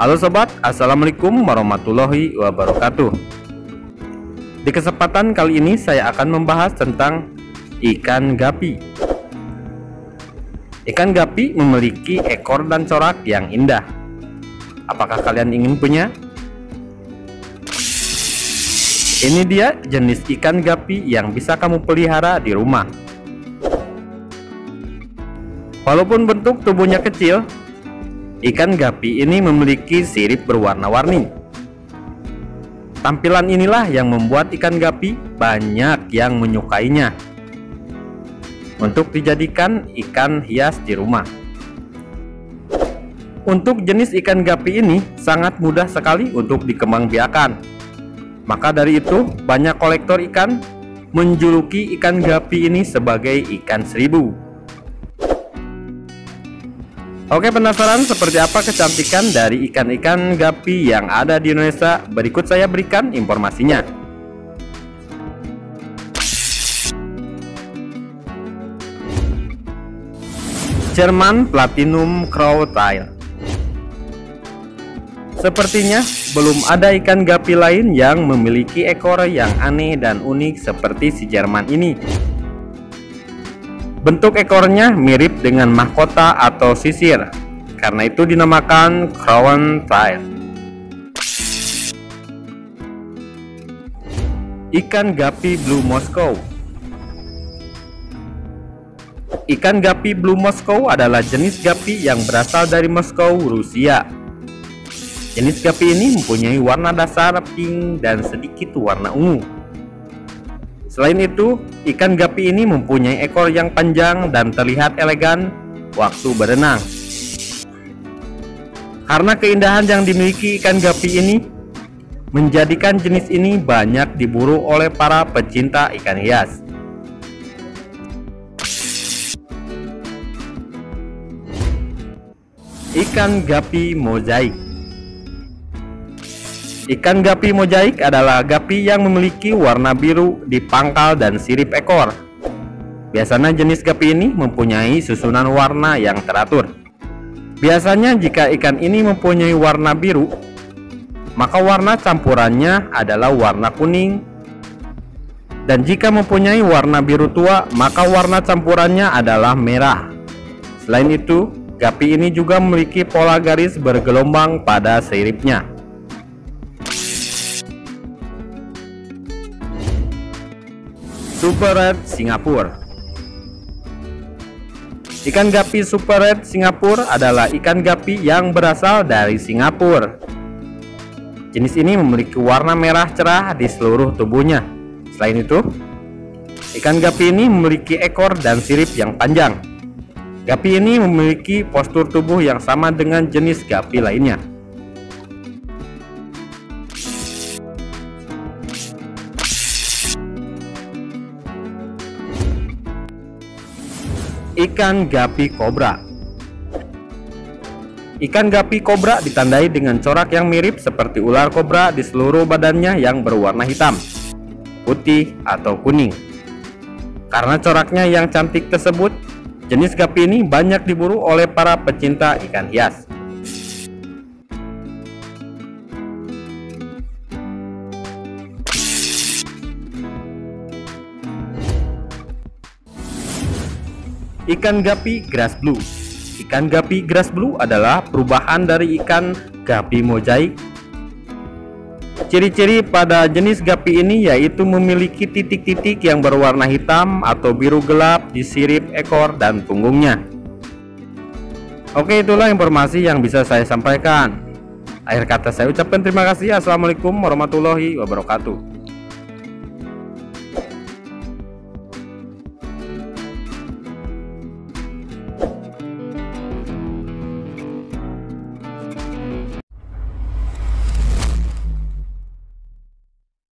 Halo sobat, assalamualaikum warahmatullahi wabarakatuh. Di kesempatan kali ini saya akan membahas tentang ikan gapi. Ikan gapi memiliki ekor dan corak yang indah. Apakah kalian ingin punya? Ini dia jenis ikan gapi yang bisa kamu pelihara di rumah. Walaupun bentuk tubuhnya kecil, Ikan gapi ini memiliki sirip berwarna-warni. Tampilan inilah yang membuat ikan gapi banyak yang menyukainya. Untuk dijadikan ikan hias di rumah. Untuk jenis ikan gapi ini sangat mudah sekali untuk dikembangbiakan. Maka dari itu, banyak kolektor ikan menjuluki ikan gapi ini sebagai ikan seribu. Oke penasaran seperti apa kecantikan dari ikan-ikan gapi yang ada di Indonesia? Berikut saya berikan informasinya. Jerman Platinum Crowtail Sepertinya belum ada ikan gapi lain yang memiliki ekor yang aneh dan unik seperti si Jerman ini. Bentuk ekornya mirip dengan mahkota atau sisir, karena itu dinamakan crown tail. Ikan gapi blue Moscow Ikan gapi blue Moscow adalah jenis gapi yang berasal dari Moskow, Rusia. Jenis gapi ini mempunyai warna dasar pink dan sedikit warna ungu. Selain itu, ikan gapi ini mempunyai ekor yang panjang dan terlihat elegan waktu berenang. Karena keindahan yang dimiliki ikan gapi ini, menjadikan jenis ini banyak diburu oleh para pecinta ikan hias. Ikan gapi mozaik Ikan gapi mojaik adalah gapi yang memiliki warna biru di pangkal dan sirip ekor. Biasanya jenis gapi ini mempunyai susunan warna yang teratur. Biasanya jika ikan ini mempunyai warna biru, maka warna campurannya adalah warna kuning. Dan jika mempunyai warna biru tua, maka warna campurannya adalah merah. Selain itu, gapi ini juga memiliki pola garis bergelombang pada siripnya. Super Red Singapura Ikan gapi Super Red Singapura adalah ikan gapi yang berasal dari Singapura. Jenis ini memiliki warna merah cerah di seluruh tubuhnya. Selain itu, ikan gapi ini memiliki ekor dan sirip yang panjang. Gapi ini memiliki postur tubuh yang sama dengan jenis gapi lainnya. Ikan gapi kobra Ikan gapi kobra ditandai dengan corak yang mirip seperti ular kobra di seluruh badannya yang berwarna hitam, putih, atau kuning. Karena coraknya yang cantik tersebut, jenis gapi ini banyak diburu oleh para pecinta ikan hias. Ikan gapi grass blue Ikan gapi grass blue adalah perubahan dari ikan gapi mozaik Ciri-ciri pada jenis gapi ini yaitu memiliki titik-titik yang berwarna hitam atau biru gelap di sirip ekor dan punggungnya Oke itulah informasi yang bisa saya sampaikan Akhir kata saya ucapkan terima kasih Assalamualaikum warahmatullahi wabarakatuh